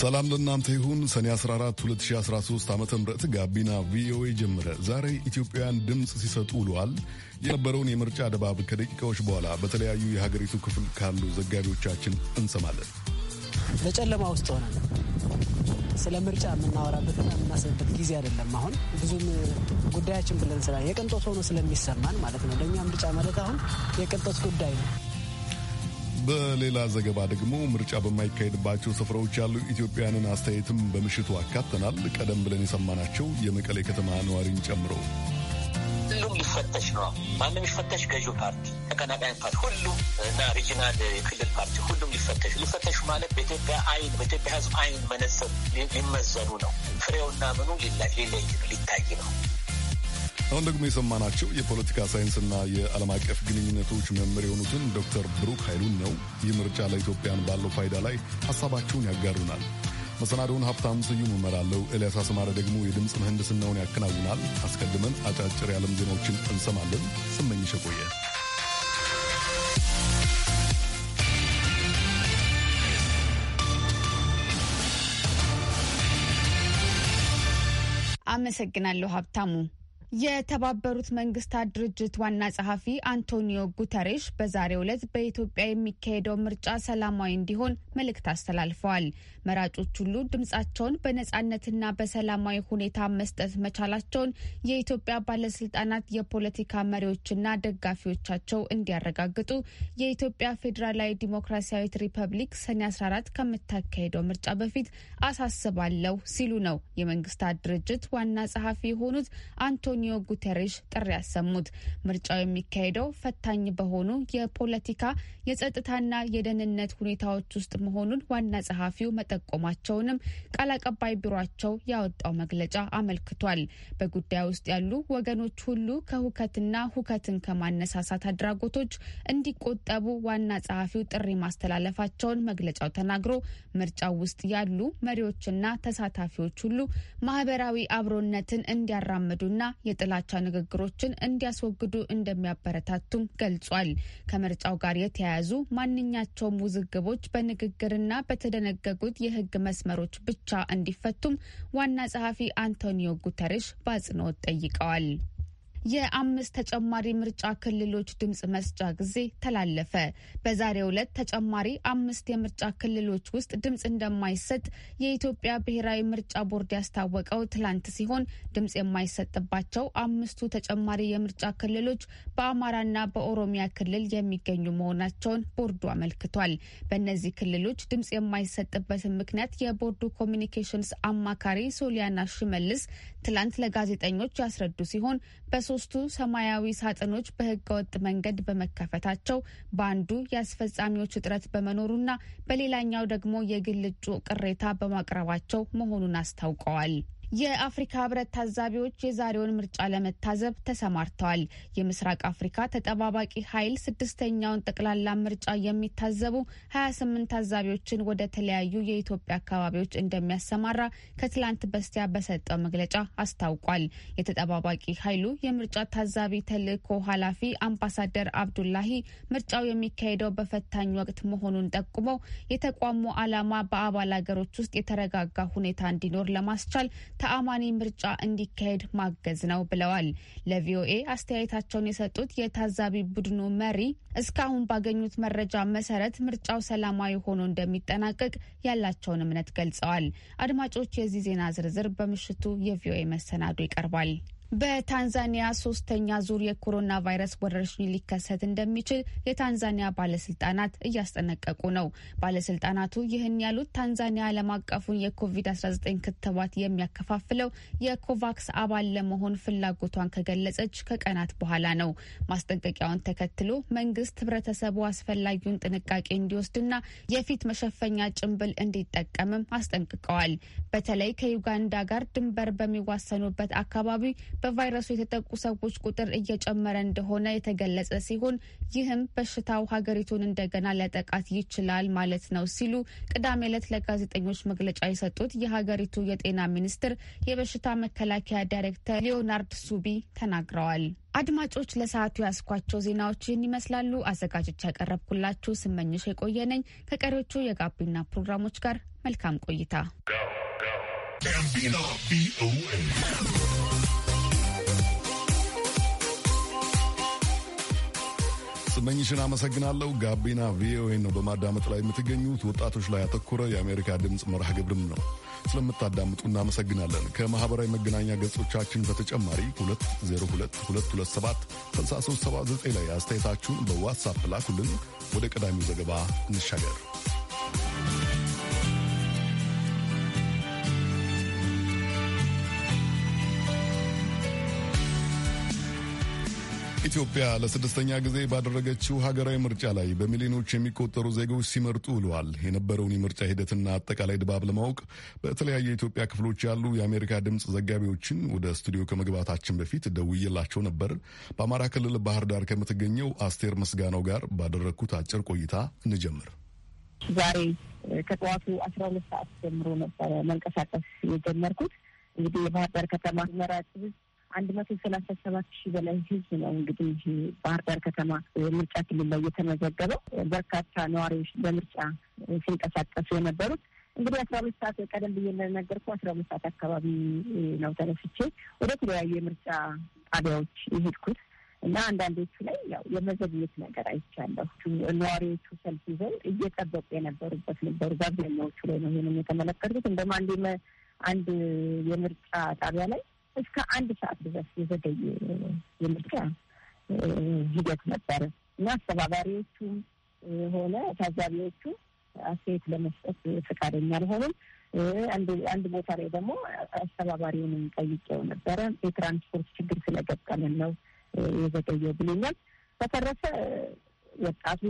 ሰላም ለእናንተ ይሁን። ሰኔ 14 2013 ዓ ም ጋቢና ቪኦኤ ጀመረ። ዛሬ ኢትዮጵያውያን ድምፅ ሲሰጡ ውለዋል። የነበረውን የምርጫ ድባብ ከደቂቃዎች በኋላ በተለያዩ የሀገሪቱ ክፍል ካሉ ዘጋቢዎቻችን እንሰማለን። በጨለማ ውስጥ ሆነ ስለ ምርጫ የምናወራበትና የምናስብበት ጊዜ አይደለም። አሁን ብዙም ጉዳያችን ብለን ስራ የቅንጦት ሆኖ ስለሚሰማን ማለት ነው። ለእኛ ምርጫ ማለት አሁን የቅንጦት ጉዳይ ነው። በሌላ ዘገባ ደግሞ ምርጫ በማይካሄድባቸው ስፍራዎች ያሉ ኢትዮጵያውያንን አስተያየትም በምሽቱ አካተናል። ቀደም ብለን የሰማናቸው የመቀሌ ከተማ ነዋሪን ጨምሮ ሁሉም ሊፈተሽ ነው። ማንም ይፈተሽ፣ ገዢው ፓርቲ፣ ተቀናቃኝ ፓርቲ፣ ሁሉም እና ሪጂናል የክልል ፓርቲ ሁሉም ሊፈተሽ ሊፈተሹ ማለት በኢትዮጵያ አይን በኢትዮጵያ ሕዝብ አይን መነጽር ሊመዘኑ ነው። ፍሬውና ምኑ ሊለይ ሊታይ ነው። አሁን ደግሞ የሰማናቸው የፖለቲካ ሳይንስና የዓለም አቀፍ ግንኙነቶች መምህር የሆኑትን ዶክተር ብሩክ ኃይሉን ነው። ይህ ምርጫ ለኢትዮጵያን ባለው ፋይዳ ላይ ሀሳባቸውን ያጋሩናል። መሰናዶውን ሀብታሙ ስዩም እመራለሁ። ኤልያስ አስማረ ደግሞ የድምፅ ምህንድስናውን ያከናውናል። አስቀድመን አጫጭር የዓለም ዜናዎችን እንሰማለን። ስመኝሽ ቆየ አመሰግናለሁ ሀብታሙ። የተባበሩት መንግስታት ድርጅት ዋና ጸሐፊ አንቶኒዮ ጉተሬሽ በዛሬው ዕለት በኢትዮጵያ የሚካሄደው ምርጫ ሰላማዊ እንዲሆን መልእክት አስተላልፈዋል። መራጮች ሁሉ ድምጻቸውን በነጻነትና በሰላማዊ ሁኔታ መስጠት መቻላቸውን የኢትዮጵያ ባለስልጣናት የፖለቲካ መሪዎችና ደጋፊዎቻቸው እንዲያረጋግጡ የኢትዮጵያ ፌዴራላዊ ዲሞክራሲያዊት ሪፐብሊክ ሰኔ 14 ከምታካሄደው ምርጫ በፊት አሳስባለሁ ሲሉ ነው የመንግስታት ድርጅት ዋና ጸሐፊ የሆኑት አንቶኒ አንቶኒዮ ጉተሬሽ ጥሪ ያሰሙት። ምርጫው የሚካሄደው ፈታኝ በሆኑ የፖለቲካ የጸጥታና የደህንነት ሁኔታዎች ውስጥ መሆኑን ዋና ጸሐፊው መጠቆማቸውንም ቃል አቀባይ ቢሯቸው ያወጣው መግለጫ አመልክቷል። በጉዳይ ውስጥ ያሉ ወገኖች ሁሉ ከሁከትና ሁከትን ከማነሳሳት አድራጎቶች እንዲቆጠቡ ዋና ጸሐፊው ጥሪ ማስተላለፋቸውን መግለጫው ተናግሮ ምርጫው ውስጥ ያሉ መሪዎችና ተሳታፊዎች ሁሉ ማህበራዊ አብሮነትን እንዲያራምዱና የጥላቻ ንግግሮችን እንዲያስወግዱ እንደሚያበረታቱም ገልጿል። ከምርጫው ጋር የተያያዙ ማንኛቸውም ውዝግቦች በንግግርና በተደነገጉት የህግ መስመሮች ብቻ እንዲፈቱም ዋና ጸሐፊ አንቶኒዮ ጉተርሽ በአጽንኦት ጠይቀዋል። የአምስት ተጨማሪ ምርጫ ክልሎች ድምፅ መስጫ ጊዜ ተላለፈ። በዛሬው ዕለት ተጨማሪ አምስት የምርጫ ክልሎች ውስጥ ድምፅ እንደማይሰጥ የኢትዮጵያ ብሔራዊ ምርጫ ቦርድ ያስታወቀው ትላንት ሲሆን ድምፅ የማይሰጥባቸው አምስቱ ተጨማሪ የምርጫ ክልሎች በአማራና በኦሮሚያ ክልል የሚገኙ መሆናቸውን ቦርዱ አመልክቷል። በእነዚህ ክልሎች ድምፅ የማይሰጥበትን ምክንያት የቦርዱ ኮሚኒኬሽንስ አማካሪ ሶሊያና ሽመልስ ትላንት ለጋዜጠኞች ያስረዱ ሲሆን በሶ ሶስቱ ሰማያዊ ሳጥኖች በህገወጥ መንገድ በመከፈታቸው በአንዱ የአስፈጻሚዎች እጥረት በመኖሩና በሌላኛው ደግሞ የግል እጩ ቅሬታ በማቅረባቸው መሆኑን አስታውቀዋል። የአፍሪካ ህብረት ታዛቢዎች የዛሬውን ምርጫ ለመታዘብ ተሰማርተዋል። የምስራቅ አፍሪካ ተጠባባቂ ኃይል ስድስተኛውን ጠቅላላ ምርጫ የሚታዘቡ ሀያ ስምንት ታዛቢዎችን ወደ ተለያዩ የኢትዮጵያ አካባቢዎች እንደሚያሰማራ ከትላንት በስቲያ በሰጠው መግለጫ አስታውቋል። የተጠባባቂ ኃይሉ የምርጫ ታዛቢ ተልእኮ ኃላፊ አምባሳደር አብዱላሂ ምርጫው የሚካሄደው በፈታኝ ወቅት መሆኑን ጠቁመው የተቋሙ ዓላማ በአባል ሀገሮች ውስጥ የተረጋጋ ሁኔታ እንዲኖር ለማስቻል ተአማኒ ምርጫ እንዲካሄድ ማገዝ ነው ብለዋል። ለቪኦኤ አስተያየታቸውን የሰጡት የታዛቢ ቡድኑ መሪ እስካሁን ባገኙት መረጃ መሰረት ምርጫው ሰላማዊ ሆኖ እንደሚጠናቀቅ ያላቸውን እምነት ገልጸዋል። አድማጮች፣ የዚህ ዜና ዝርዝር በምሽቱ የቪኦኤ መሰናዶ ይቀርባል። በታንዛኒያ ሶስተኛ ዙር የኮሮና ቫይረስ ወረርሽኝ ሊከሰት እንደሚችል የታንዛኒያ ባለስልጣናት እያስጠነቀቁ ነው። ባለስልጣናቱ ይህን ያሉት ታንዛኒያ ዓለም አቀፉን የኮቪድ-19 ክትባት የሚያከፋፍለው የኮቫክስ አባል ለመሆን ፍላጎቷን ከገለጸች ከቀናት በኋላ ነው። ማስጠንቀቂያውን ተከትሎ መንግስት ህብረተሰቡ አስፈላጊውን ጥንቃቄ እንዲወስድና የፊት መሸፈኛ ጭንብል እንዲጠቀምም አስጠንቅቀዋል። በተለይ ከዩጋንዳ ጋር ድንበር በሚዋሰኑበት አካባቢ በቫይረሱ የተጠቁ ሰዎች ቁጥር እየጨመረ እንደሆነ የተገለጸ ሲሆን ይህም በሽታው ሀገሪቱን እንደገና ሊያጠቃት ይችላል ማለት ነው ሲሉ ቅዳሜ ዕለት ለጋዜጠኞች መግለጫ የሰጡት የሀገሪቱ የጤና ሚኒስትር የበሽታ መከላከያ ዳይሬክተር ሊዮናርድ ሱቢ ተናግረዋል። አድማጮች ለሰዓቱ ያስኳቸው ዜናዎች ይህን ይመስላሉ። አዘጋጆች ያቀረብኩላችሁ ስመኝሽ የቆየ ነኝ። ከቀሪዎቹ የጋቢና ፕሮግራሞች ጋር መልካም ቆይታ። ስመኝሽን አመሰግናለሁ። ጋቢና ቪኦኤ ነው በማዳመጥ ላይ የምትገኙት። ወጣቶች ላይ ያተኮረ የአሜሪካ ድምፅ መርሃ ግብርም ነው። ስለምታዳምጡ እናመሰግናለን። ከማኅበራዊ መገናኛ ገጾቻችን በተጨማሪ 202227 ላይ አስተያየታችሁን በዋትሳፕ ላኩልን። ወደ ቀዳሚው ዘገባ እንሻገር። ኢትዮጵያ ለስድስተኛ ጊዜ ባደረገችው ሀገራዊ ምርጫ ላይ በሚሊዮኖች የሚቆጠሩ ዜጎች ሲመርጡ ውለዋል። የነበረውን የምርጫ ሂደትና አጠቃላይ ድባብ ለማወቅ በተለያዩ የኢትዮጵያ ክፍሎች ያሉ የአሜሪካ ድምፅ ዘጋቢዎችን ወደ ስቱዲዮ ከመግባታችን በፊት ደውዬላቸው ነበር። በአማራ ክልል ባህር ዳር ከምትገኘው አስቴር ምስጋናው ጋር ባደረግኩት አጭር ቆይታ እንጀምር። ዛሬ ከጠዋቱ አስራ ሁለት ሰዓት ጀምሮ ነበረ መንቀሳቀስ የጀመርኩት። እንግዲህ የባህር ዳር ከተማ መራጭ ህዝብ አንድ መቶ ሰላሳ ሰባት ሺህ በላይ ህዝብ ነው እንግዲህ ባህር ዳር ከተማ ምርጫ ክልል ላይ የተመዘገበው። በርካታ ነዋሪዎች በምርጫ ሲንቀሳቀሱ የነበሩት እንግዲህ አስራ ሁለት ሰዓት ቀደም ብዬ እንደነገርኩ አስራ ሁለት ሰዓት አካባቢ ነው ተነስቼ ወደ ተለያዩ የምርጫ ጣቢያዎች የሄድኩት እና አንዳንዶቹ ላይ ያው የመዘግየት ነገር አይቻለሁ። ነዋሪዎቹ ሰልፍ ይዘው እየጠበቁ የነበሩበት ነበሩ። በአብዛኛዎቹ ላይ ነው ይህንን የተመለከትኩት። እንደውም አንድ የምርጫ ጣቢያ ላይ እስከ አንድ ሰዓት ድረስ የዘገየ የምርጫ ሂደት ነበረ እና አስተባባሪዎቹም ሆነ ታዛቢዎቹ አስተያየት ለመስጠት ፈቃደኛ አልሆኑም። አንድ ቦታ ላይ ደግሞ አስተባባሪውንም ጠይቄው ነበረ። የትራንስፖርት ችግር ስለገጠመን ነው የዘገየው ብሎኛል። በተረፈ ወጣቱ፣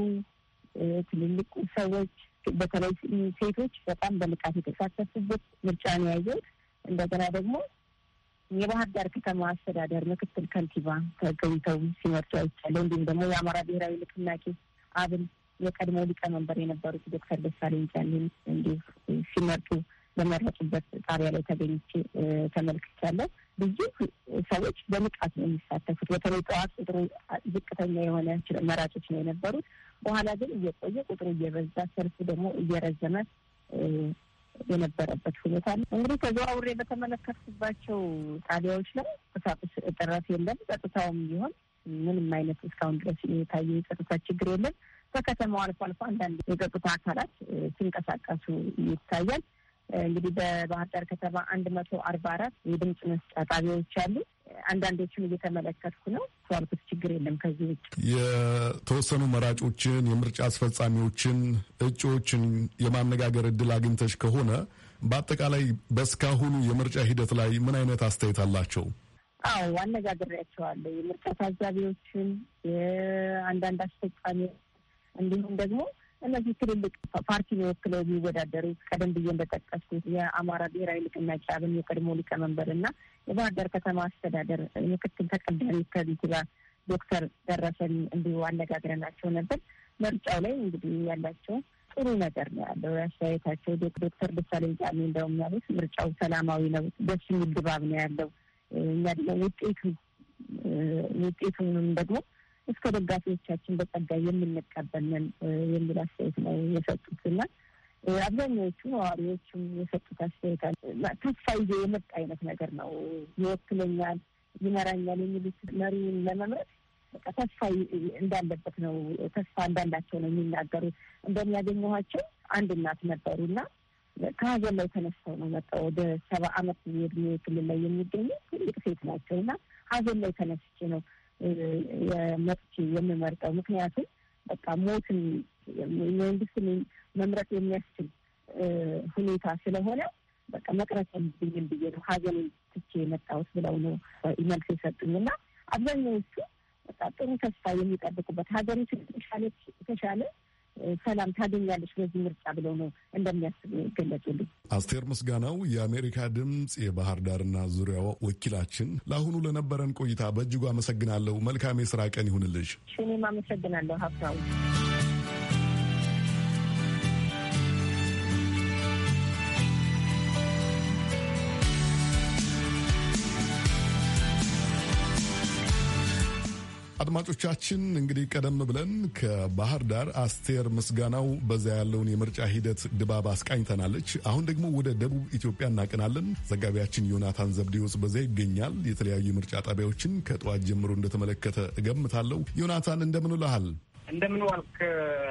ትልልቁ ሰዎች በተለይ ሴቶች በጣም በንቃት የተሳተፉበት ምርጫ ነው ያየሁት። እንደገና ደግሞ የባህር ዳር ከተማ አስተዳደር ምክትል ከንቲባ ተገኝተው ሲመርጡ አይቻለሁ። እንዲሁም ደግሞ የአማራ ብሔራዊ ንቅናቄ አብን የቀድሞ ሊቀመንበር የነበሩት ዶክተር ደሳለኝ ጫኔን እንዲሁ ሲመርጡ በመረጡበት ጣቢያ ላይ ተገኝቼ ተመልክቻለሁ። ብዙ ሰዎች በንቃት ነው የሚሳተፉት። በተለይ ጠዋት ቁጥሩ ዝቅተኛ የሆነ መራጮች ነው የነበሩት። በኋላ ግን እየቆየ ቁጥሩ እየበዛ ሰልፉ ደግሞ እየረዘመ የነበረበት ሁኔታ እንግዲህ ተዘዋውሬ በተመለከትኩባቸው ጣቢያዎች ላይ ቁሳቁስ እጥረት የለም። ጸጥታውም ቢሆን ምንም አይነት እስካሁን ድረስ የታየ የጸጥታ ችግር የለም። በከተማው አልፎ አልፎ አንዳንድ የጸጥታ አካላት ሲንቀሳቀሱ ይታያል። እንግዲህ በባህር ዳር ከተማ አንድ መቶ አርባ አራት የድምፅ መስጫ ጣቢያዎች አሉ። አንዳንዶችን እየተመለከትኩ ነው። ያልኩት ችግር የለም። ከዚህ ውጭ የተወሰኑ መራጮችን፣ የምርጫ አስፈጻሚዎችን፣ እጩዎችን የማነጋገር እድል አግኝተች ከሆነ በአጠቃላይ በእስካሁኑ የምርጫ ሂደት ላይ ምን አይነት አስተያየት አላቸው? አዎ አነጋግሬያቸዋለሁ። የምርጫ ታዛቢዎችን፣ የአንዳንድ አስፈጻሚዎች እንዲሁም ደግሞ እነዚህ ትልልቅ ፓርቲን ወክለው የሚወዳደሩ ቀደም ብዬ እንደጠቀስኩት የአማራ ብሔራዊ ንቅናቄ አብን የቀድሞ ሊቀመንበር እና የባህር ዳር ከተማ አስተዳደር ምክትል ተቀዳሚ ከንቲባ ዶክተር ደረሰን እንዲሁ አነጋግረናቸው ነበር። መርጫው ላይ እንግዲህ ያላቸው ጥሩ ነገር ነው ያለው አስተያየታቸው። ዶክተር ደሳለኝ ጫሚ እንደውም ያሉት ምርጫው ሰላማዊ ነው፣ ደስ የሚል ድባብ ነው ያለው። እኛ ደግሞ ውጤቱ ውጤቱንም ደግሞ እስከ ደጋፊዎቻችን በጸጋ የምንቀበልን የሚል አስተያየት ነው የሰጡት ና አብዛኛዎቹ ነዋሪዎቹም የሰጡት አስተያየት ተስፋ ይዞ የመጣ አይነት ነገር ነው። ይወክለኛል፣ ይመራኛል የሚሉት መሪውን ለመምረጥ በቃ ተስፋ እንዳለበት ነው ተስፋ እንዳላቸው ነው የሚናገሩት። እንደሚያገኘኋቸው አንድ እናት ነበሩ ከሀዘን ላይ ተነስተው ነው መጣው ወደ ሰባ አመት የእድሜ ክልል ላይ የሚገኙ ትልቅ ሴት ናቸው እና ሀዘን ላይ ተነስቼ ነው የመፍች የምመርጠው። ምክንያቱም በቃ ሞትን መንግስትን መምረጥ የሚያስችል ሁኔታ ስለሆነ በቃ መቅረት ብኝም ብዬ ነው ሀዘን ትቼ የመጣሁት ብለው ነው መልስ የሰጡኝ እና አብዛኛዎቹ በቃ ጥሩ ተስፋ የሚጠብቁበት ሀገሪቱ ተሻለ ሰላም ታገኛለች በዚህ ምርጫ ብለው ነው እንደሚያስቡ ይገለጹልኝ። አስቴር ምስጋናው የአሜሪካ ድምፅ የባህር ዳርና ዙሪያው ወኪላችን፣ ለአሁኑ ለነበረን ቆይታ በእጅጉ አመሰግናለሁ። መልካም የስራ ቀን ይሁንልሽ። እኔም አመሰግናለሁ ሀብታው። አድማጮቻችን እንግዲህ ቀደም ብለን ከባህር ዳር አስቴር ምስጋናው በዛ ያለውን የምርጫ ሂደት ድባብ አስቃኝተናለች። አሁን ደግሞ ወደ ደቡብ ኢትዮጵያ እናቀናለን። ዘጋቢያችን ዮናታን ዘብዴዎስ በዛ ይገኛል። የተለያዩ የምርጫ ጣቢያዎችን ከጠዋት ጀምሮ እንደተመለከተ እገምታለሁ። ዮናታን እንደምን ውለሃል? እንደምን ዋልክ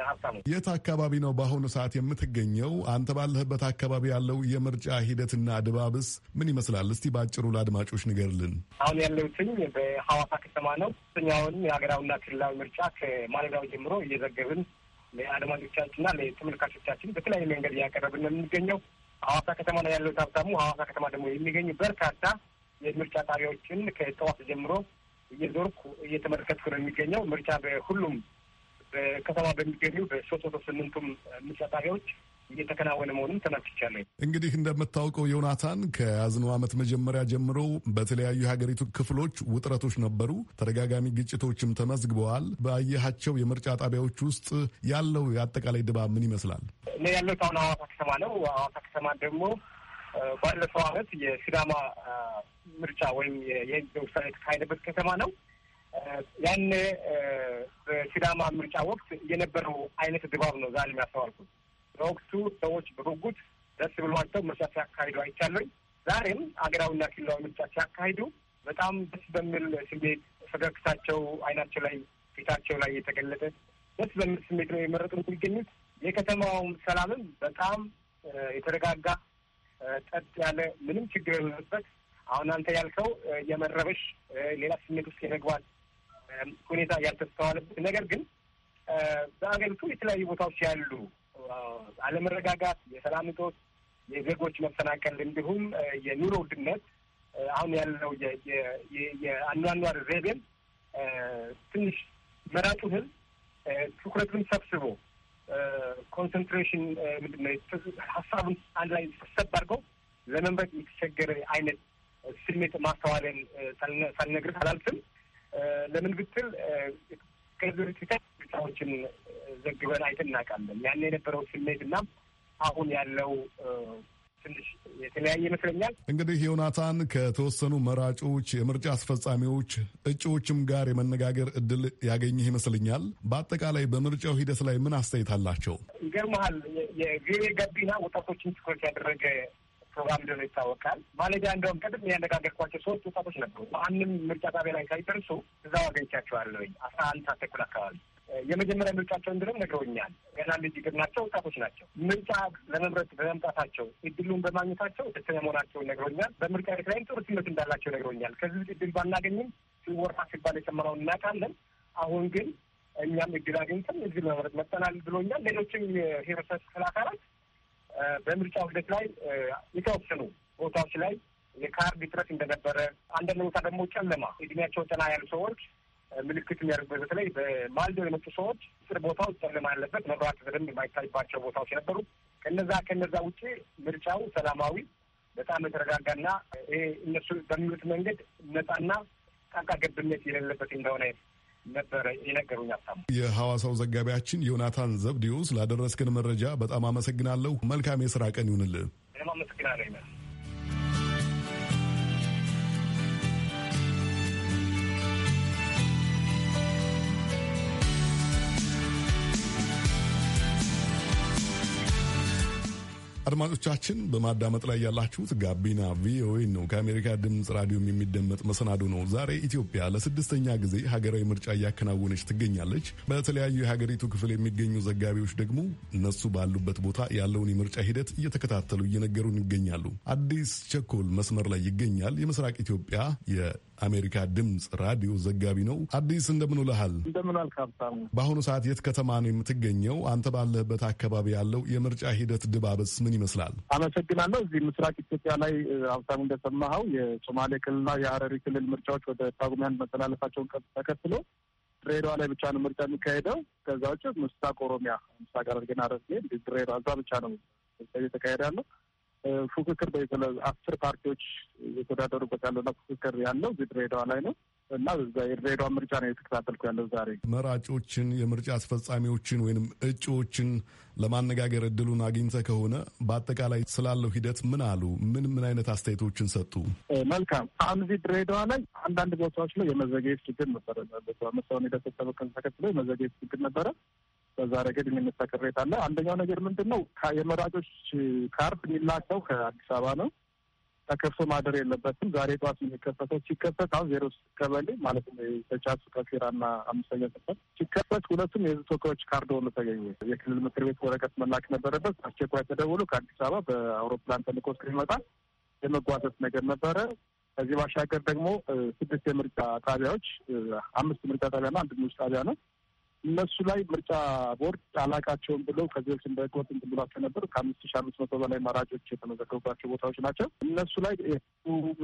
ሀብታሙ? የት አካባቢ ነው በአሁኑ ሰዓት የምትገኘው? አንተ ባለህበት አካባቢ ያለው የምርጫ ሂደትና ድባብስ ምን ይመስላል? እስቲ በአጭሩ ለአድማጮች ንገርልን። አሁን ያለሁትኝ በሐዋሳ ከተማ ነው። ሶስተኛውን የሀገራዊና ክልላዊ ምርጫ ከማለዳው ጀምሮ እየዘገብን ለአድማጮቻችንና ለተመልካቾቻችን በተለያዩ መንገድ እያቀረብን ነው የምንገኘው። ሐዋሳ ከተማ ነው ያለው ሀብታሙ፣ ሐዋሳ ከተማ ደግሞ የሚገኙ በርካታ የምርጫ ጣቢያዎችን ከጠዋት ጀምሮ እየዞርኩ እየተመለከትኩ ነው የሚገኘው ምርጫ በሁሉም በከተማ በሚገኙ በሶስት መቶ ስምንቱም ምርጫ ጣቢያዎች እየተከናወነ መሆኑን ተመልክቻለሁ። እንግዲህ እንደምታውቀው ዮናታን፣ ከያዝነው ዓመት መጀመሪያ ጀምሮ በተለያዩ የሀገሪቱ ክፍሎች ውጥረቶች ነበሩ፣ ተደጋጋሚ ግጭቶችም ተመዝግበዋል። ባየሃቸው የምርጫ ጣቢያዎች ውስጥ ያለው የአጠቃላይ ድባብ ምን ይመስላል? እኔ ያለሁት አሁን ሐዋሳ ከተማ ነው። ሐዋሳ ከተማ ደግሞ ባለፈው ዓመት የሲዳማ ምርጫ ወይም የህዝብ ውሳኔ የተካሄደበት ከተማ ነው። ያኔ በሲዳማ ምርጫ ወቅት የነበረው አይነት ድባብ ነው ዛሬ የሚያስተዋልኩት። በወቅቱ ሰዎች በጉጉት ደስ ብሏቸው ምርጫ ሲያካሂዱ አይቻለኝ። ዛሬም አገራዊና ክልላዊ ምርጫ ሲያካሂዱ በጣም ደስ በሚል ስሜት ፈገግታቸው አይናቸው ላይ ፊታቸው ላይ የተገለጠ ደስ በሚል ስሜት ነው የመረጡ የሚገኙት። የከተማውም ሰላምም በጣም የተረጋጋ ጠጥ ያለ ምንም ችግር የሌለበት አሁን አንተ ያልከው የመረበሽ ሌላ ስሜት ውስጥ የመግባት ሁኔታ ያልተስተዋለበት ነገር ግን በአገሪቱ የተለያዩ ቦታዎች ያሉ አለመረጋጋት፣ የሰላም እጦት፣ የዜጎች መፈናቀል እንዲሁም የኑሮ ውድነት አሁን ያለው የአኗኗር ዘይቤም ትንሽ መራጩን ህዝብ ትኩረቱን ሰብስቦ ኮንሰንትሬሽን ምንድን ነው ሀሳቡን አንድ ላይ ሰብሰብ አድርገው ለመንበት የተቸገረ አይነት ስሜት ማስተዋልን ሳልነግርህ አላልፍም። ለምን ብትል ከዚህ ዘግበን አይተን እናውቃለን። ያን የነበረው ስሜት እና አሁን ያለው ትንሽ የተለያየ ይመስለኛል። እንግዲህ ዮናታን ከተወሰኑ መራጮች፣ የምርጫ አስፈጻሚዎች፣ እጩዎችም ጋር የመነጋገር እድል ያገኘህ ይመስለኛል። በአጠቃላይ በምርጫው ሂደት ላይ ምን አስተያየት አላቸው? ይገርመሃል የግቤ ጋቢና ወጣቶችን ትኩረት ያደረገ ፕሮግራም እንደሆነ ይታወቃል። ማለዳ እንደውም ቅድም ያነጋገርኳቸው ሶስት ወጣቶች ነበሩ። ማንም ምርጫ ጣቢያ ላይ ሳይደርሱ እዛው አገኝቻቸዋለሁኝ አስራ አንድ ሰዓት ተኩል አካባቢ የመጀመሪያ ምርጫቸው እንድንም ነግረውኛል። ገና ልጅ ግር ናቸው፣ ወጣቶች ናቸው። ምርጫ ለመምረጥ በመምጣታቸው እድሉን በማግኘታቸው ደስተኛ መሆናቸውን ነግረውኛል። በምርጫ ሂደት ላይም ጥሩ ስሜት እንዳላቸው ነግረውኛል። ከዚህ እድል ባናገኝም ሲወርፋ ሲባል የሰማነውን እናውቃለን። አሁን ግን እኛም እድል አግኝተን እዚህ ለመምረጥ መጠናል ብሎኛል። ሌሎችም የህብረተሰብ ክፍል አካላት በምርጫ ሂደት ላይ የተወሰኑ ቦታዎች ላይ የካርድ እጥረት እንደነበረ፣ አንዳንድ ቦታ ደግሞ ጨለማ እድሜያቸው ጠና ያሉ ሰዎች ምልክት የሚያደርጉበት በተለይ በማልዶ የመጡ ሰዎች ስር ቦታው ጨለማ ያለበት መብራት በደንብ የማይታይባቸው ቦታዎች የነበሩ ከነዛ ከነዛ ውጭ ምርጫው ሰላማዊ በጣም የተረጋጋና ይሄ እነሱ በሚሉት መንገድ ነጻና ጣልቃ ገብነት የሌለበት እንደሆነ ነበረ የነገሩኝ። ሀብታሙ፣ የሐዋሳው ዘጋቢያችን ዮናታን ዘብዲዮስ ላደረስክን መረጃ በጣም አመሰግናለሁ። መልካም የስራ ቀን ይሁንልህ። እኔም አመሰግናለሁ። አድማጮቻችን በማዳመጥ ላይ ያላችሁት ጋቢና ቪኦኤ ነው። ከአሜሪካ ድምፅ ራዲዮም የሚደመጥ መሰናዶ ነው። ዛሬ ኢትዮጵያ ለስድስተኛ ጊዜ ሀገራዊ ምርጫ እያከናወነች ትገኛለች። በተለያዩ የሀገሪቱ ክፍል የሚገኙ ዘጋቢዎች ደግሞ እነሱ ባሉበት ቦታ ያለውን የምርጫ ሂደት እየተከታተሉ እየነገሩን ይገኛሉ። አዲስ ቸኮል መስመር ላይ ይገኛል። የምስራቅ ኢትዮጵያ አሜሪካ ድምፅ ራዲዮ ዘጋቢ ነው። አዲስ እንደምን ውለሃል? እንደምን አልክ ሀብታሙ። በአሁኑ ሰዓት የት ከተማ ነው የምትገኘው? አንተ ባለህበት አካባቢ ያለው የምርጫ ሂደት ድባብስ ምን ይመስላል? አመሰግናለሁ። እዚህ ምስራቅ ኢትዮጵያ ላይ ሀብታሙ እንደሰማኸው የሶማሌ ክልልና የሀረሪ ክልል ምርጫዎች ወደ ጳጉሜ መተላለፋቸውን ተከትሎ ድሬዳዋ ላይ ብቻ ነው ምርጫ የሚካሄደው። ከዛ ውጭ ምስራቅ ኦሮሚያ፣ ምስራቅ ሐረርጌና ሐረርጌ ድሬዳዋ እዛ ብቻ ነው እየተካሄደ ያለው። ፉክክር አስር ፓርቲዎች የተወዳደሩበት ያለውና ፉክክር ያለው ድሬዳዋ ላይ ነው እና በዛ የድሬዳዋ ምርጫ ነው የተከታተልኩ ያለው ዛሬ። መራጮችን፣ የምርጫ አስፈጻሚዎችን ወይንም እጩዎችን ለማነጋገር እድሉን አግኝተ ከሆነ በአጠቃላይ ስላለው ሂደት ምን አሉ? ምን ምን አይነት አስተያየቶችን ሰጡ? መልካም። አሁን እዚህ ድሬዳዋ ላይ አንዳንድ ቦታዎች ላይ የመዘግየት ችግር ነበረ። መሰሆን ሂደት ተከትሎ የመዘግየት ችግር ነበረ። በዛ ረገድ የሚነሳ ቅሬታ አለ። አንደኛው ነገር ምንድን ነው፣ የመራጮች ካርድ የሚላከው ከአዲስ አበባ ነው። ተከፍቶ ማደር የለበትም። ዛሬ ጠዋት የሚከፈተው ሲከፈት አሁን ዜሮ ስድስት ቀበሌ ማለት ከፊራ ቀፊራና አምስተኛ ሰፈር ሲከፈት ሁለቱም የህዝብ ተወካዮች ካርድ ሆኖ ተገኘ። የክልል ምክር ቤት ወረቀት መላክ ነበረበት። አስቸኳይ ተደውሎ ከአዲስ አበባ በአውሮፕላን ተልኮ እስከሚመጣ የመጓተት ነገር ነበረ። ከዚህ ባሻገር ደግሞ ስድስት የምርጫ ጣቢያዎች አምስት ምርጫ ጣቢያና አንድ ምርጫ ጣቢያ ነው እነሱ ላይ ምርጫ ቦርድ አላቃቸውን ብለው ከዚህ በፊት እንደህገወጥ እንትን ብሏቸው ነበር። ከአምስት ሺ አምስት መቶ በላይ መራጮች የተመዘገቡባቸው ቦታዎች ናቸው። እነሱ ላይ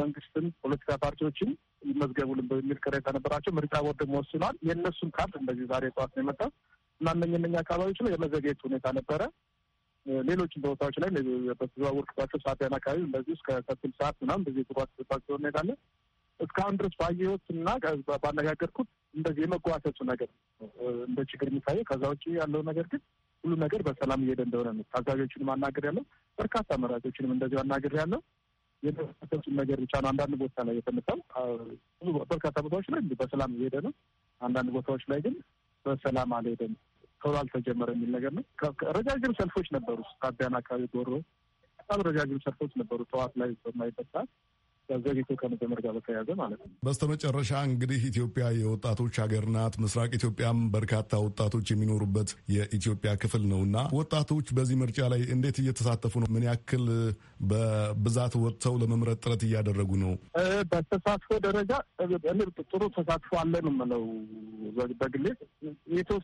መንግስትን፣ ፖለቲካ ፓርቲዎችን ይመዝገቡልን በሚል ቅሬታ ነበራቸው። ምርጫ ቦርድ ደግሞ ወስኗል። የእነሱን ካርድ እንደዚህ ዛሬ ጠዋት ነው የመጣው እና እነኝነኛ አካባቢዎች ላይ የመዘግየት ሁኔታ ነበረ። ሌሎችም ቦታዎች ላይ በተዘዋወርኩባቸው ሰዓት ያን አካባቢ እንደዚህ እስከ ከስል ሰዓት ምናምን ብዙ ትጓት ባቸው እንሄዳለን እስካሁን ድረስ ባየሁት እና ባነጋገርኩት እንደዚህ የመጓተቱ ነገር እንደ ችግር የሚታየው። ከዛ ውጭ ያለው ነገር ግን ሁሉ ነገር በሰላም እየሄደ እንደሆነ ነው። ታዛዦችንም አናገር ያለው በርካታ መራጮችንም እንደዚ አናገር ያለው የተሰሱን ነገር ብቻ ነው። አንዳንድ ቦታ ላይ የተመታው በርካታ ቦታዎች ላይ በሰላም እየሄደ ነው። አንዳንድ ቦታዎች ላይ ግን በሰላም አልሄደም፣ ቶሎ አልተጀመረ የሚል ነገር ነው። ረጃጅም ሰልፎች ነበሩ። ታቢያን አካባቢ ጎሮ በጣም ረጃጅም ሰልፎች ነበሩ። ጠዋት ላይ በማይበት ዘግይቶ ከመጀመር ጋር በተያያዘ ማለት ነው። በስተመጨረሻ እንግዲህ ኢትዮጵያ የወጣቶች ሀገር ናት። ምስራቅ ኢትዮጵያም በርካታ ወጣቶች የሚኖሩበት የኢትዮጵያ ክፍል ነው እና ወጣቶች በዚህ ምርጫ ላይ እንዴት እየተሳተፉ ነው? ምን ያክል በብዛት ወጥተው ለመምረጥ ጥረት እያደረጉ ነው? በተሳትፎ ደረጃ ጥሩ ተሳትፎ አለ ነው የምለው። በግሌ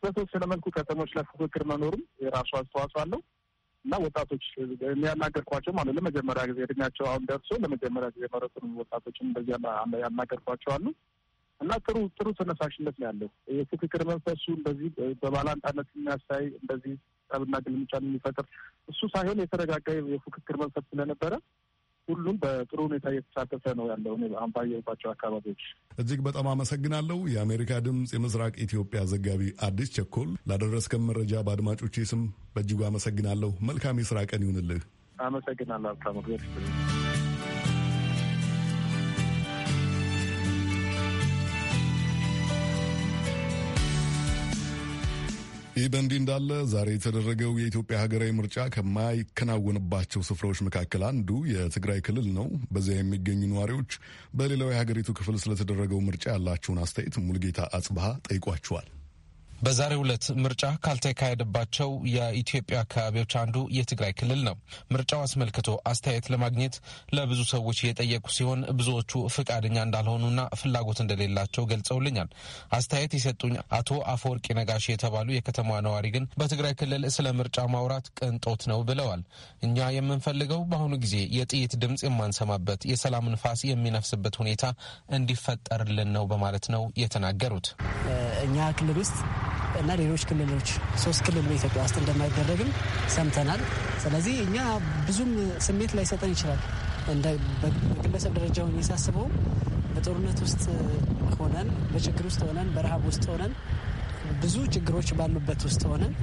በተወሰነ መልኩ ከተሞች ላይ መኖሩም የራሱ አስተዋጽኦ አለው። እና ወጣቶች ያናገርኳቸውም አሉ። ለመጀመሪያ ጊዜ እድሜያቸው አሁን ደርሶ ለመጀመሪያ ጊዜ መረጡን ወጣቶችን እንደዚህ ያናገርኳቸው አሉ። እና ጥሩ ጥሩ ተነሳሽነት ነው ያለው። የፍክክር መንፈሱ እንደዚህ በባላንጣነት የሚያሳይ እንደዚህ ጠብና ግልምጫን የሚፈጥር እሱ ሳይሆን የተረጋጋ የፉክክር መንፈስ ስለነበረ ሁሉም በጥሩ ሁኔታ እየተሳተፈ ነው ያለው አሁን ባየሁባቸው አካባቢዎች። እጅግ በጣም አመሰግናለሁ። የአሜሪካ ድምፅ የምስራቅ ኢትዮጵያ ዘጋቢ አዲስ ቸኮል ላደረስከን መረጃ በአድማጮች ስም በእጅጉ አመሰግናለሁ። መልካም የስራ ቀን ይሁንልህ። አመሰግናለሁ። ይህ በእንዲህ እንዳለ ዛሬ የተደረገው የኢትዮጵያ ሀገራዊ ምርጫ ከማይከናወንባቸው ስፍራዎች መካከል አንዱ የትግራይ ክልል ነው። በዚያ የሚገኙ ነዋሪዎች በሌላው የሀገሪቱ ክፍል ስለተደረገው ምርጫ ያላቸውን አስተያየት ሙልጌታ አጽብሃ ጠይቋቸዋል። በዛሬው ዕለት ምርጫ ካልተካሄደባቸው የኢትዮጵያ አካባቢዎች አንዱ የትግራይ ክልል ነው። ምርጫው አስመልክቶ አስተያየት ለማግኘት ለብዙ ሰዎች የጠየቁ ሲሆን ብዙዎቹ ፍቃደኛ እንዳልሆኑና ፍላጎት እንደሌላቸው ገልጸውልኛል። አስተያየት የሰጡኝ አቶ አፈወርቂ ነጋሽ የተባሉ የከተማዋ ነዋሪ ግን በትግራይ ክልል ስለ ምርጫ ማውራት ቅንጦት ነው ብለዋል። እኛ የምንፈልገው በአሁኑ ጊዜ የጥይት ድምፅ የማንሰማበት የሰላም ንፋስ የሚነፍስበት ሁኔታ እንዲፈጠርልን ነው በማለት ነው የተናገሩት። እኛ ክልል ውስጥ እና ሌሎች ክልሎች ሶስት ክልል በኢትዮጵያ ውስጥ እንደማይደረግም ሰምተናል። ስለዚህ እኛ ብዙም ስሜት ላይሰጠን ይችላል። በግለሰብ ደረጃውን የሳስበው በጦርነት ውስጥ ሆነን በችግር ውስጥ ሆነን በረሃብ ውስጥ ሆነን ብዙ ችግሮች ባሉበት ውስጥ ሆነን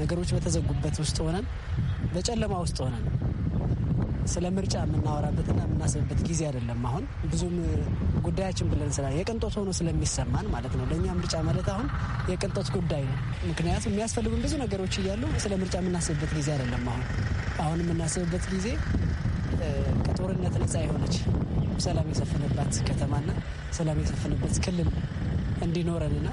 ነገሮች በተዘጉበት ውስጥ ሆነን በጨለማ ውስጥ ሆነን ስለ ምርጫ የምናወራበትና የምናስብበት ጊዜ አይደለም። አሁን ብዙም ጉዳያችን ብለን ስላ የቅንጦት ሆኖ ስለሚሰማን ማለት ነው። ለእኛ ምርጫ ማለት አሁን የቅንጦት ጉዳይ ነው። ምክንያቱም የሚያስፈልጉን ብዙ ነገሮች እያሉ ስለ ምርጫ የምናስብበት ጊዜ አይደለም። አሁን አሁን የምናስብበት ጊዜ ከጦርነት ነፃ የሆነች ሰላም የሰፈነባት ከተማና ሰላም የሰፈነበት ክልል እንዲኖረንና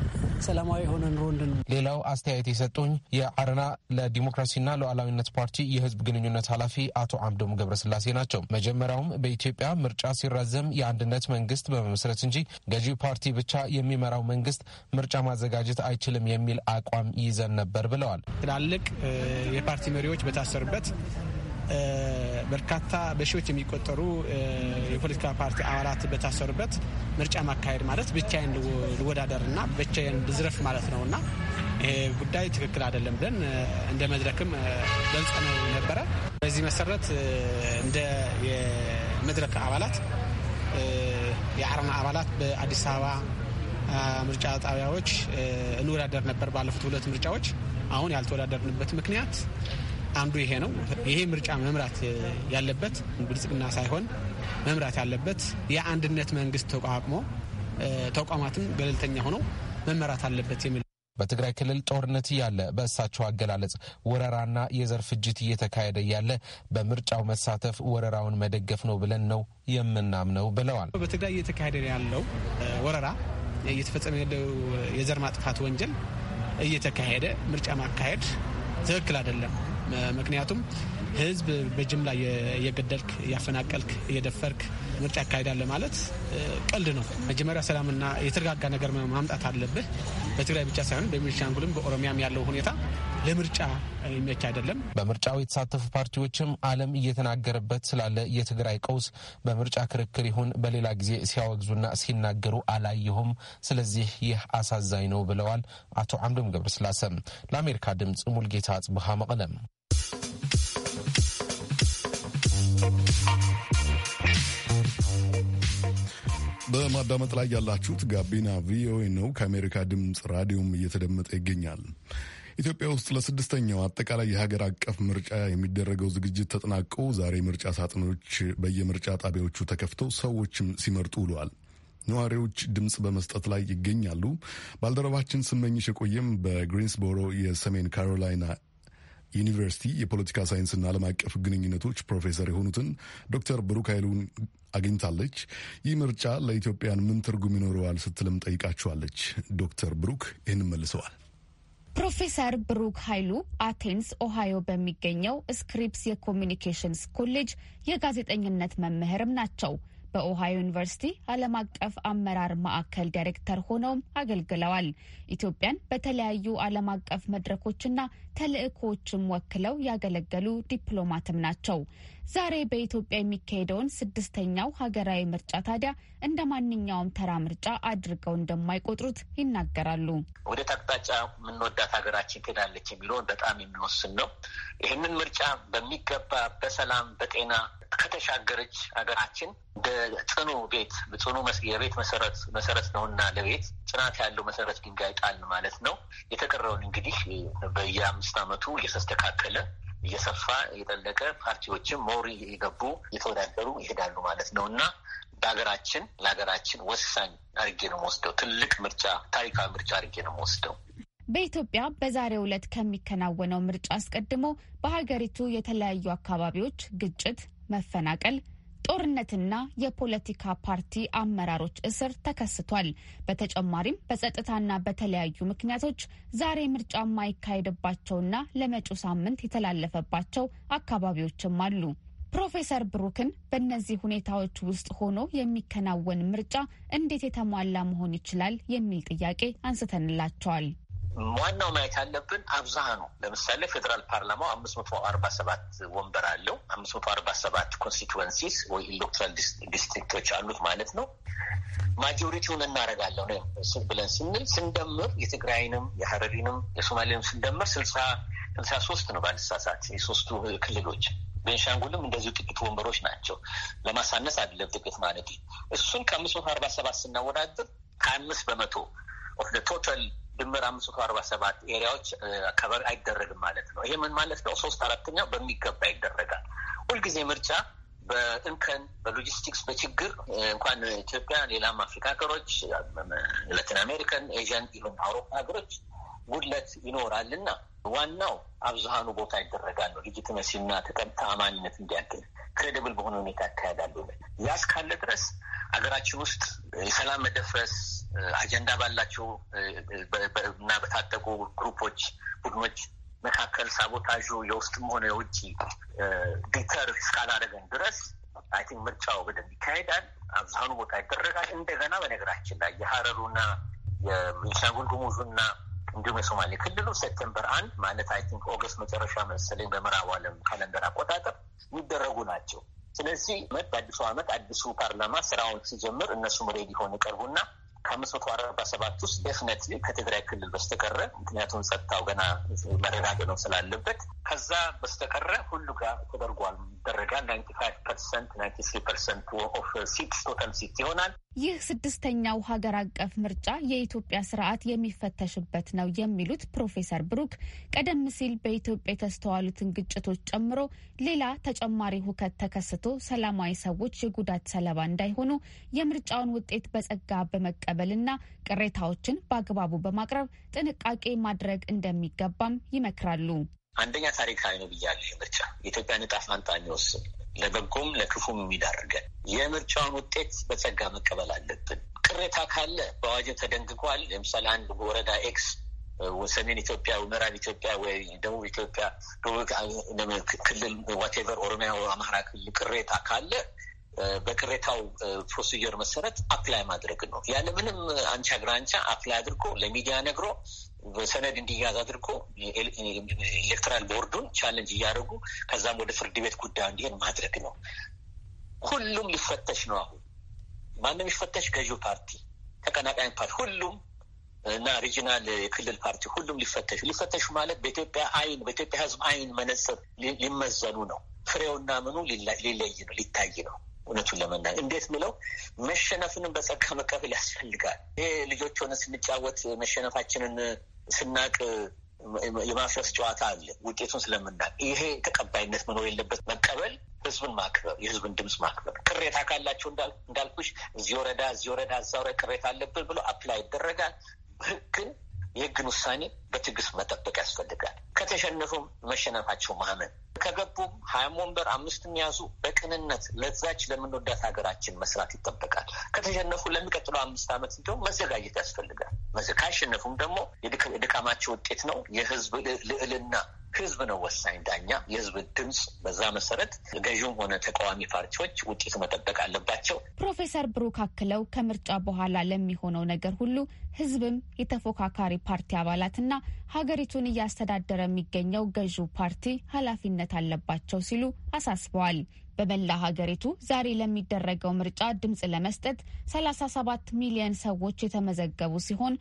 ሰላማዊ የሆነ ኑሮ እንድን ሌላው አስተያየት የሰጡኝ የአረና ለዲሞክራሲና ሉዓላዊነት ፓርቲ የህዝብ ግንኙነት ኃላፊ አቶ አምዶም ገብረስላሴ ናቸው። መጀመሪያውም በኢትዮጵያ ምርጫ ሲራዘም የአንድነት መንግስት በመመስረት እንጂ ገዢው ፓርቲ ብቻ የሚመራው መንግስት ምርጫ ማዘጋጀት አይችልም የሚል አቋም ይዘን ነበር ብለዋል። ትላልቅ የፓርቲ መሪዎች በታሰሩበት በርካታ በሺዎች የሚቆጠሩ የፖለቲካ ፓርቲ አባላት በታሰሩበት ምርጫ ማካሄድ ማለት ብቻዬን ልወዳደር እና ብቻዬን ልዝረፍ ማለት ነው እና ይሄ ጉዳይ ትክክል አይደለም ብለን እንደ መድረክም ገልጸ ነው ነበረ። በዚህ መሰረት እንደ የመድረክ አባላት የአረና አባላት በአዲስ አበባ ምርጫ ጣቢያዎች እንወዳደር ነበር ባለፉት ሁለት ምርጫዎች። አሁን ያልተወዳደርንበት ምክንያት አንዱ ይሄ ነው። ይሄ ምርጫ መምራት ያለበት ብልጽግና ሳይሆን መምራት ያለበት የአንድነት መንግስት ተቋቁሞ ተቋማትም ገለልተኛ ሆነው መመራት አለበት የሚል በትግራይ ክልል ጦርነት እያለ በእሳቸው አገላለጽ ወረራና የዘር ፍጅት እየተካሄደ እያለ በምርጫው መሳተፍ ወረራውን መደገፍ ነው ብለን ነው የምናምነው ብለዋል። በትግራይ እየተካሄደ ያለው ወረራ፣ እየተፈጸመ ያለው የዘር ማጥፋት ወንጀል እየተካሄደ ምርጫ ማካሄድ ትክክል አይደለም። ምክንያቱም ህዝብ በጅምላ የገደልክ፣ ያፈናቀልክ፣ እየደፈርክ ምርጫ ያካሄዳለ ማለት ቀልድ ነው። መጀመሪያ ሰላምና የተረጋጋ ነገር ማምጣት አለብህ። በትግራይ ብቻ ሳይሆን በቤኒሻንጉልም በኦሮሚያም ያለው ሁኔታ ለምርጫ የሚመች አይደለም። በምርጫው የተሳተፉ ፓርቲዎችም ዓለም እየተናገረበት ስላለ የትግራይ ቀውስ በምርጫ ክርክር ይሁን በሌላ ጊዜ ሲያወግዙና ሲናገሩ አላየሁም። ስለዚህ ይህ አሳዛኝ ነው ብለዋል አቶ አምዶም ገብረስላሰም ለአሜሪካ ድምፅ ሙልጌታ ጽብሃ መቅለም በማዳመጥ ላይ ያላችሁት ጋቢና ቪኦኤ ነው። ከአሜሪካ ድምፅ ራዲዮም እየተደመጠ ይገኛል። ኢትዮጵያ ውስጥ ለስድስተኛው አጠቃላይ የሀገር አቀፍ ምርጫ የሚደረገው ዝግጅት ተጠናቀው ዛሬ ምርጫ ሳጥኖች በየምርጫ ጣቢያዎቹ ተከፍተው ሰዎችም ሲመርጡ ውለዋል። ነዋሪዎች ድምፅ በመስጠት ላይ ይገኛሉ። ባልደረባችን ስመኝሽ የቆየም በግሪንስቦሮ የሰሜን ካሮላይና ዩኒቨርሲቲ የፖለቲካ ሳይንስና ዓለም አቀፍ ግንኙነቶች ፕሮፌሰር የሆኑትን ዶክተር ብሩክ ኃይሉን አግኝታለች። ይህ ምርጫ ለኢትዮጵያን ምን ትርጉም ይኖረዋል ስትልም ጠይቃችኋለች። ዶክተር ብሩክ ይህን መልሰዋል። ፕሮፌሰር ብሩክ ኃይሉ አቴንስ ኦሃዮ በሚገኘው ስክሪፕስ የኮሚኒኬሽንስ ኮሌጅ የጋዜጠኝነት መምህርም ናቸው። በኦሃዮ ዩኒቨርሲቲ ዓለም አቀፍ አመራር ማዕከል ዳይሬክተር ሆነውም አገልግለዋል። ኢትዮጵያን በተለያዩ ዓለም አቀፍ መድረኮችና ተልእኮዎችም ወክለው ያገለገሉ ዲፕሎማትም ናቸው። ዛሬ በኢትዮጵያ የሚካሄደውን ስድስተኛው ሀገራዊ ምርጫ ታዲያ እንደ ማንኛውም ተራ ምርጫ አድርገው እንደማይቆጥሩት ይናገራሉ። ወደ አቅጣጫ የምንወዳት ሀገራችን ትሄዳለች የሚለውን በጣም የሚወስን ነው። ይህንን ምርጫ በሚገባ በሰላም በጤና ከተሻገረች ሀገራችን በጽኑ ቤት በጽኑ የቤት መሰረት መሰረት ነውና ለቤት ጽናት ያለው መሰረት ድንጋይ ጣል ማለት ነው። የተቀረውን እንግዲህ በየአምስት ዓመቱ እየተስተካከለ እየሰፋ እየጠለቀ ፓርቲዎችም ሞሪ የገቡ እየተወዳደሩ ይሄዳሉ ማለት ነው እና ለሀገራችን ለሀገራችን ወሳኝ አድርጌ ነው የምወስደው። ትልቅ ምርጫ ታሪካዊ ምርጫ አድርጌ ነው የምወስደው። በኢትዮጵያ በዛሬው ዕለት ከሚከናወነው ምርጫ አስቀድሞ በሀገሪቱ የተለያዩ አካባቢዎች ግጭት፣ መፈናቀል ጦርነትና የፖለቲካ ፓርቲ አመራሮች እስር ተከስቷል። በተጨማሪም በጸጥታና በተለያዩ ምክንያቶች ዛሬ ምርጫ የማይካሄድባቸውና ለመጪው ሳምንት የተላለፈባቸው አካባቢዎችም አሉ። ፕሮፌሰር ብሩክን በእነዚህ ሁኔታዎች ውስጥ ሆኖ የሚከናወን ምርጫ እንዴት የተሟላ መሆን ይችላል የሚል ጥያቄ አንስተንላቸዋል። ዋናው ማየት ያለብን አብዛኑ ለምሳሌ ፌዴራል ፓርላማው አምስት መቶ አርባ ሰባት ወንበር አለው። አምስት መቶ አርባ ሰባት ኮንስቲትዌንሲስ ወይ ኢሌክትራል ዲስትሪክቶች አሉት ማለት ነው። ማጆሪቲውን እናደርጋለሁ ብለን ስንል ስንደምር የትግራይንም የሀረሪንም የሶማሌንም ስንደምር ስልሳ ስልሳ ሶስት ነው ባልሳሳት የሶስቱ ክልሎች ቤንሻንጉልም እንደዚሁ ጥቂት ወንበሮች ናቸው። ለማሳነስ አይደለም ጥቂት ማለት እሱን ከአምስት መቶ አርባ ሰባት ስናወዳድር ከአምስት በመቶ ኦፍ ቶታል ድምር አምስት መቶ አርባ ሰባት ኤሪያዎች ከበር አይደረግም ማለት ነው። ይሄ ምን ማለት ነው? ሶስት አራተኛው በሚገባ ይደረጋል። ሁልጊዜ ምርጫ በእንከን በሎጂስቲክስ በችግር እንኳን ኢትዮጵያ ሌላም አፍሪካ ሀገሮች፣ ላቲን አሜሪካን፣ ኤዥያን፣ ኢቨን አውሮፓ ሀገሮች ጉድለት ይኖራል ይኖራልና ዋናው አብዙሃኑ ቦታ ይደረጋል ነው። ልጅትመሲና ተአማኒነት እንዲያገኝ ክሬዲብል በሆነ ሁኔታ ያካሄዳሉ። ያ እስካለ ድረስ ሀገራችን ውስጥ የሰላም መደፍረስ አጀንዳ ባላቸው እና በታጠቁ ግሩፖች፣ ቡድኖች መካከል ሳቦታዡ የውስጥም ሆነ የውጭ ዲተር እስካላደረገን ድረስ አይ ቲንክ ምርጫው በደንብ ይካሄዳል። አብዛኑ ቦታ ይደረጋል። እንደገና በነገራችን ላይ የሀረሩና የቤንሻንጉል ጉሙዙና እንዲሁም የሶማሌ ክልሉ ሴፕቴምበር አንድ ማለት አይ ቲንክ ኦገስት መጨረሻ መሰለኝ በምዕራብ ዓለም ካለንደር አቆጣጠር የሚደረጉ ናቸው። ስለዚህ መት በአዲሱ ዓመት አዲሱ ፓርላማ ስራውን ሲጀምር እነሱም ሬዲ ሆን ይቀርቡና ከአምስት መቶ አርባ ሰባት ውስጥ ደፍነት ከትግራይ ክልል በስተቀረ ምክንያቱም ጸጥታው ገና መረጋገጥ ስላለበት ከዛ በስተቀረ ሁሉ ጋር ተደርጓል ይደረጋል። ናይንቲ ፋይቭ ፐርሰንት ናይንቲ ስሪ ፐርሰንት ኦፍ ሲት ቶታል ሲት ይሆናል። ይህ ስድስተኛው ሀገር አቀፍ ምርጫ የኢትዮጵያ ስርዓት የሚፈተሽበት ነው የሚሉት ፕሮፌሰር ብሩክ ቀደም ሲል በኢትዮጵያ የተስተዋሉትን ግጭቶች ጨምሮ ሌላ ተጨማሪ ሁከት ተከስቶ ሰላማዊ ሰዎች የጉዳት ሰለባ እንዳይሆኑ የምርጫውን ውጤት በጸጋ በመቀበልና ቅሬታዎችን በአግባቡ በማቅረብ ጥንቃቄ ማድረግ እንደሚገባም ይመክራሉ። አንደኛ ታሪካዊ ነው ብያለሁ። የምርጫ የኢትዮጵያ ንጣፍ አንጣ የሚወስን ለበጎም ለክፉም የሚዳርገን የምርጫውን ውጤት በጸጋ መቀበል አለብን። ቅሬታ ካለ በአዋጅም ተደንግጓል። ለምሳሌ አንድ ወረዳ ኤክስ ሰሜን ኢትዮጵያ፣ ምዕራብ ኢትዮጵያ ወይ ደቡብ ኢትዮጵያ ክልል ዋቴቨር ኦሮሚያ፣ አማራ ክልል ቅሬታ ካለ በቅሬታው ፕሮሲጀር መሰረት አፕላይ ማድረግ ነው። ያለምንም አንቻ ግራንቻ አፕላይ አድርጎ ለሚዲያ ነግሮ በሰነድ እንዲያዝ አድርጎ ኤሌክትራል ቦርዱን ቻለንጅ እያደረጉ ከዛም ወደ ፍርድ ቤት ጉዳዩ እንዲሄድ ማድረግ ነው። ሁሉም ሊፈተሽ ነው። አሁን ማንም ይፈተሽ፣ ገዢው ፓርቲ፣ ተቀናቃኝ ፓርቲ፣ ሁሉም እና ሪጂናል የክልል ፓርቲ ሁሉም ሊፈተሹ ሊፈተሹ ማለት በኢትዮጵያ አይን በኢትዮጵያ ህዝብ አይን መነጽር ሊመዘኑ ነው። ፍሬውና ምኑ ሊለይ ነው፣ ሊታይ ነው። እውነቱን ለመናገር እንዴት ምለው መሸነፍንም በጸጋ መቀበል ያስፈልጋል። ይሄ ልጆች ሆነ ስንጫወት መሸነፋችንን ስናቅ የማፍረስ ጨዋታ አለ። ውጤቱን ስለምናቅ ይሄ ተቀባይነት መኖር የለበት። መቀበል፣ ህዝብን ማክበር፣ የህዝብን ድምፅ ማክበር። ቅሬታ ካላቸው እንዳልኩሽ እዚህ ወረዳ እዚህ ወረዳ እዛ ቅሬታ አለብን ብሎ አፕላይ ይደረጋል። ህግን የህግን ውሳኔ በትዕግስት መጠበቅ ያስፈልጋል። ከተሸነፉም መሸነፋቸው ማመን ከገቡም ሀያም ወንበር አምስት የሚያዙ በቅንነት ለዛች ለምንወዳት ሀገራችን መስራት ይጠበቃል። ከተሸነፉ ለሚቀጥለው አምስት ዓመት እንዲሁም መዘጋጀት ያስፈልጋል። ካሸነፉም ደግሞ የድካማቸው ውጤት ነው የህዝብ ልዕልና ህዝብ ነው ወሳኝ ዳኛ። የህዝብ ድምፅ በዛ መሰረት ገዥም ሆነ ተቃዋሚ ፓርቲዎች ውጤት መጠበቅ አለባቸው። ፕሮፌሰር ብሩክ አክለው ከምርጫ በኋላ ለሚሆነው ነገር ሁሉ ህዝብም የተፎካካሪ ፓርቲ አባላትና ሀገሪቱን እያስተዳደረ የሚገኘው ገዢው ፓርቲ ኃላፊነት አለባቸው ሲሉ አሳስበዋል። በመላ ሀገሪቱ ዛሬ ለሚደረገው ምርጫ ድምፅ ለመስጠት 37 ሚሊዮን ሰዎች የተመዘገቡ ሲሆን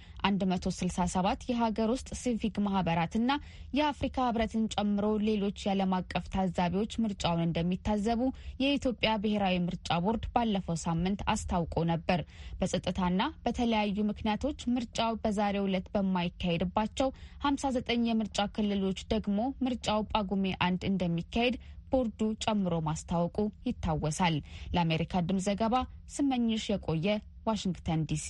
167 የሀገር ውስጥ ሲቪክ ማህበራትና የአፍሪካ ህብረትን ጨምሮ ሌሎች የዓለም አቀፍ ታዛቢዎች ምርጫውን እንደሚታዘቡ የኢትዮጵያ ብሔራዊ ምርጫ ቦርድ ባለፈው ሳምንት አስታውቆ ነበር። በጸጥታና በተለያዩ ምክንያቶች ምርጫው በዛሬው ዕለት በማይካሄድባቸው 59 የምርጫ ክልሎች ደግሞ ምርጫው ጳጉሜ አንድ እንደሚካሄድ ቦርዱ ጨምሮ ማስታወቁ ይታወሳል። ለአሜሪካ ድምፅ ዘገባ ስመኝሽ የቆየ ዋሽንግተን ዲሲ።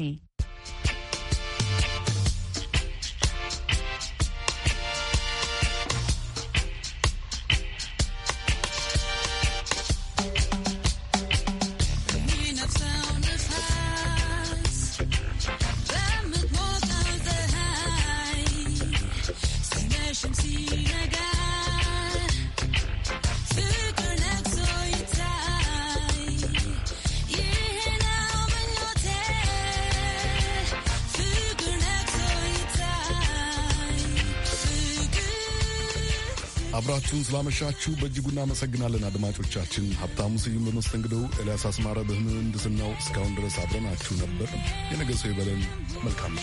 አብራችሁን ስላመሻችሁ በእጅጉ እናመሰግናለን አድማጮቻችን። ሀብታሙ ስዩም በመስተንግደው፣ ኤልያስ አስማረ በምህንድስናው፣ እስካሁን ድረስ አብረናችሁ ነበር። የነገ ሰው ይበለን። መልካም